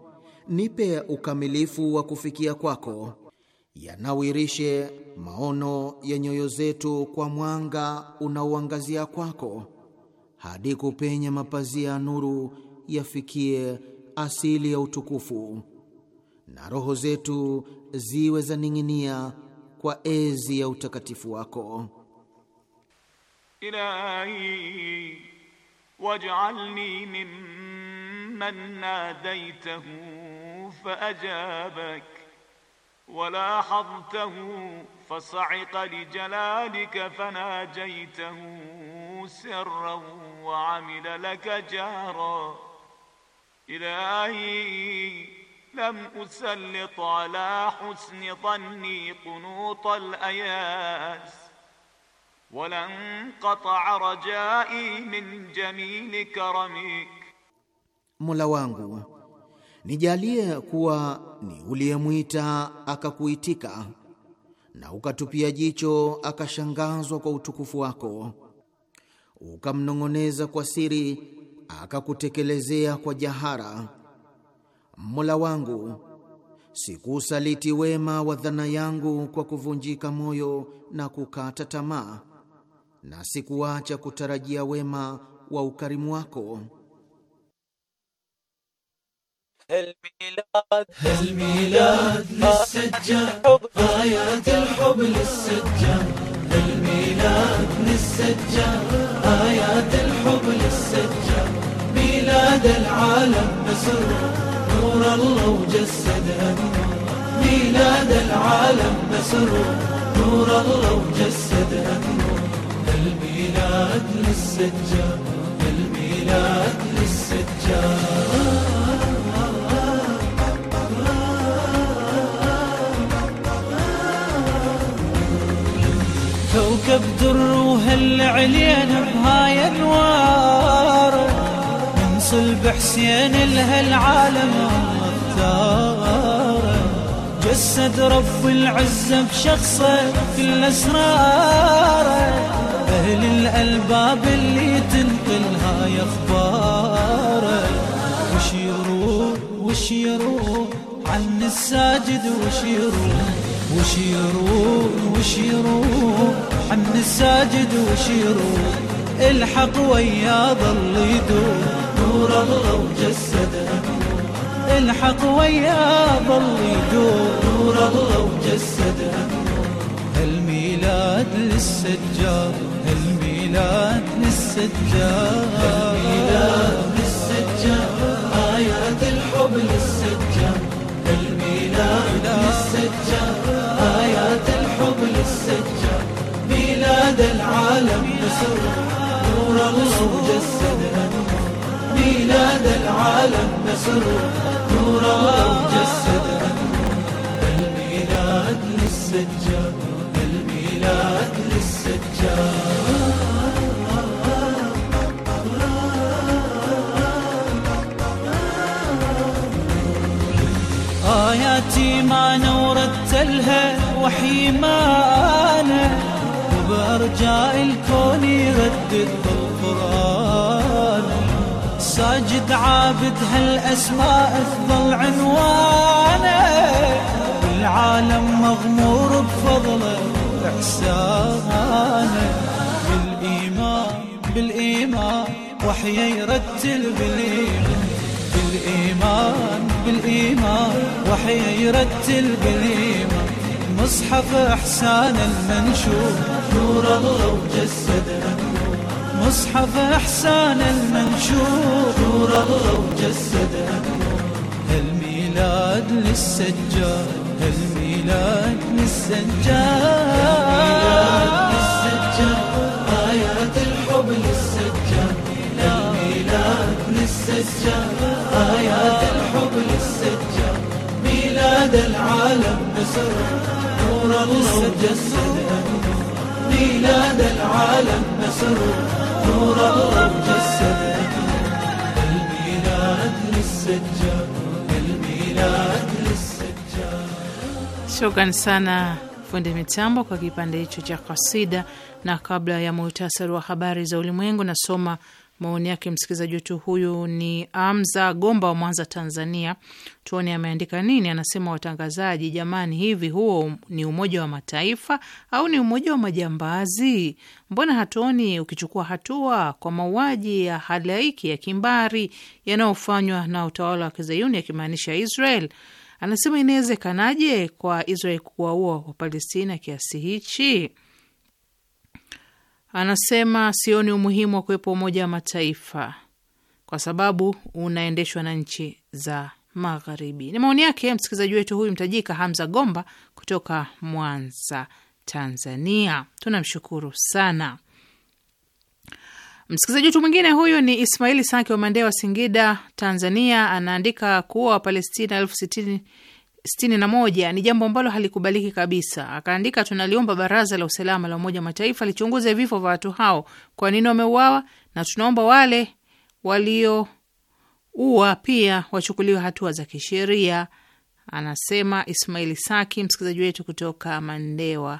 nipe ukamilifu wa kufikia kwako, yanawirishe maono ya nyoyo zetu kwa mwanga unaoangazia kwako, hadi kupenya mapazia ya nuru yafikie asili ya utukufu, na roho zetu ziwe za ning'inia kwa ezi ya utakatifu wako. Ilahi waj'alni mimman nadaytahu faajabak wala hadhtahu fasa'iqa lijalalika fanajaytahu sirran wa amila laka jahra إلهي لم أسلط على حسن ظني قنوط الأياس ولا انقطع رجائي من جميل كرمك Mola wangu nijalie kuwa ni uliyemwita akakuitika na ukatupia jicho akashangazwa kwa utukufu wako ukamnong'oneza kwa siri akakutekelezea kwa jahara. Mola wangu, sikuusaliti wema wa dhana yangu kwa kuvunjika moyo na kukata tamaa, na sikuacha kutarajia wema wa ukarimu wako. زاد العالم بسره نور الله وجسد أنوار ميلاد العالم بسره نور الله وجسد أنوار الميلاد للسجاد الميلاد للسجاد كوكب در وهل علينا بهاي انواره وصل بحسين لهالعالم اختاره جسد رب العزة بشخصه كل أسراره أهل الألباب اللي تنقلها هاي أخباره وش يروح وش يروح عن الساجد وش يروح وش يروح وش يروح عن الساجد وش يروح الحق ويا ظل يدور نور لو جسدها الحق وياه ظل يدور نور الله جسدها الميلاد للسجاد الميلاد للسجاد الميلاد للسجاد آية الحب للسجاد الميلاد للسجاد آيات الحب للسجاد ميلاد العالم نسر نور الله جسد العالم مسرور نوره وجسده الميلاد للسجاد الميلاد للسجاد آياتي ما نورت لها وحي ما أنا وبأرجاء الكون يردد ظل ساجد عابد هالأسماء افضل عنوانه والعالم مغمور بفضله احسانه بالإيمان بالإيمان وحي يرتل بالإيمان بالإيمان بالإيمان وحي يرتل بالإيمان مصحف إحسان المنشور نور الله وجسدنا مصحف احسان المنشور نور الله وجسد انوار هالميلاد للسجاد هالميلاد للسجاد آية الحب للسجاد هالميلاد للسجاد آيات الحب للسجاد ميلاد العالم نسرة نور الله وجسد أنوار ميلاد العالم نسرة Shukran sana fundi mitambo kwa kipande hicho cha kasida, na kabla ya muhtasari wa habari za ulimwengu, nasoma Maoni yake msikilizaji wetu huyu ni Amza Gomba wa Mwanza, Tanzania. Tuone ameandika nini. Anasema, watangazaji jamani, hivi huo ni Umoja wa Mataifa au ni umoja wa majambazi? Mbona hatuoni ukichukua hatua kwa mauaji ya halaiki ya kimbari yanayofanywa na utawala wa kizayuni akimaanisha Israel? Anasema, inawezekanaje kwa Israel kuwaua Wapalestina kiasi hichi? Anasema sioni umuhimu wa kuwepo Umoja wa Mataifa kwa sababu unaendeshwa na nchi za Magharibi. Ni maoni yake msikilizaji wetu huyu mtajika Hamza Gomba kutoka Mwanza, Tanzania. Tunamshukuru sana msikilizaji wetu. Mwingine huyu ni Ismaili Sanki wa Mandea wa Singida, Tanzania. Anaandika kuwa Wapalestina elfu sitini sitini na moja ni jambo ambalo halikubaliki kabisa. Akaandika, tunaliomba baraza la usalama la Umoja wa Mataifa lichunguze vifo vya watu hao, kwa nini wameuawa, na tunaomba wale walioua pia wachukuliwe hatua za kisheria, anasema Ismaili Saki, msikilizaji wetu kutoka Mandewa,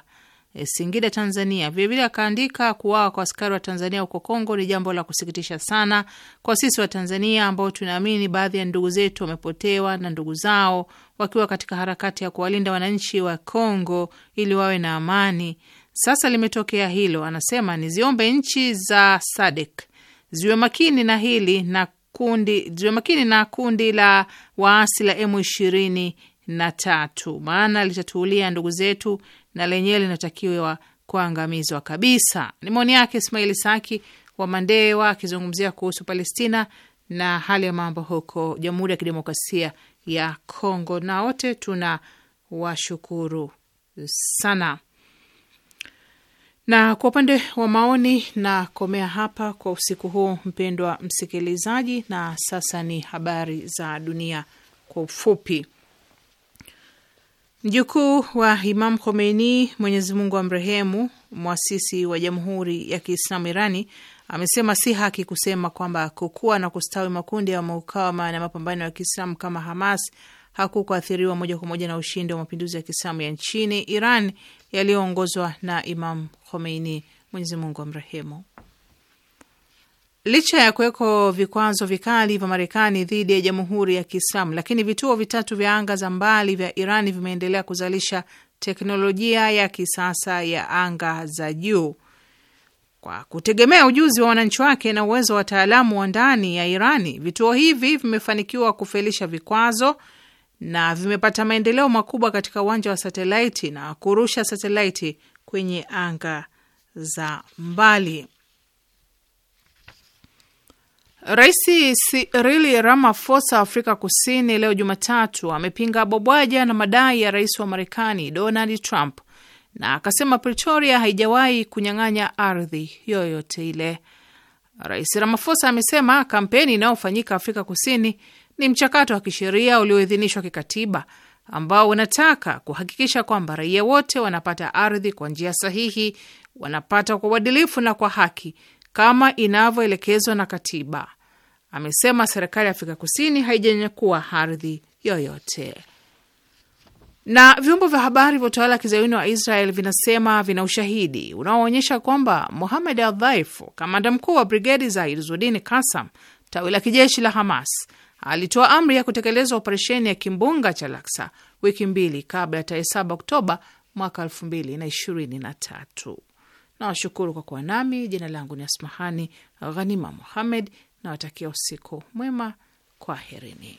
Eh, Singida, Tanzania. Vilevile akaandika kuwawa kwa askari wa Tanzania huko Kongo ni jambo la kusikitisha sana kwa sisi wa Tanzania ambao tunaamini baadhi ya ndugu zetu wamepotewa na ndugu zao wakiwa katika harakati ya kuwalinda wananchi wa Kongo ili wawe na amani. Sasa limetokea hilo, anasema niziombe nchi za SADC ziwe makini na hili na kundi, ziwe makini na kundi la waasi la M ishirini na tatu, maana litatuulia ndugu zetu na lenyewe linatakiwa kuangamizwa kabisa. Ni maoni yake Ismaili Saki wa Mandewa akizungumzia kuhusu Palestina na hali ya mambo huko Jamhuri ya Kidemokrasia ya Kongo, na wote tuna washukuru sana. Na kwa upande wa maoni na komea hapa kwa usiku huu, mpendwa msikilizaji, na sasa ni habari za dunia kwa ufupi. Mjukuu wa Imam Khomeini, Mwenyezi Mungu amrehemu, mwasisi wa Jamhuri ya Kiislamu Irani, amesema si haki kusema kwamba kukua na kustawi makundi ya mukawama na mapambano ya Kiislamu kama Hamas hakukuathiriwa moja kwa moja na ushindi wa mapinduzi ya Kiislamu ya nchini Iran yaliyoongozwa na Imam Khomeini, Mwenyezi Mungu amrehemu. Licha ya kuweko vikwazo vikali vya Marekani dhidi ya Jamhuri ya Kiislamu, lakini vituo vitatu vya anga za mbali vya iran vimeendelea kuzalisha teknolojia ya kisasa ya anga za juu kwa kutegemea ujuzi wa wananchi wake na uwezo wa wataalamu wa ndani ya Irani. Vituo hivi vimefanikiwa kufelisha vikwazo na vimepata maendeleo makubwa katika uwanja wa satelaiti na kurusha satelaiti kwenye anga za mbali. Rais Cyril Ramaphosa wa Afrika Kusini leo Jumatatu amepinga bwabwaja na madai ya rais wa Marekani Donald Trump na akasema Pretoria haijawahi kunyang'anya ardhi yoyote ile. Rais Ramaphosa amesema kampeni inayofanyika Afrika Kusini ni mchakato wa kisheria ulioidhinishwa kikatiba ambao unataka kuhakikisha kwamba raia wote wanapata ardhi kwa njia sahihi, wanapata kwa uadilifu na kwa haki kama inavyoelekezwa na katiba amesema serikali ya Afrika Kusini haijanyakua ardhi yoyote. Na vyombo vya habari vya utawala wa kizayuni wa Israel vinasema vina ushahidi unaoonyesha kwamba Mohamed Aldhaif, kamanda mkuu wa brigedi za Izzudin Kasam, tawi la kijeshi la Hamas, alitoa amri ya kutekeleza operesheni ya kimbunga cha Laksa wiki mbili kabla ya tarehe 7 Oktoba mwaka 2023. Nawashukuru kwa kuwa nami. Jina langu ni Asmahani Ghanima muhamed Nawatakia usiku mwema, kwaherini.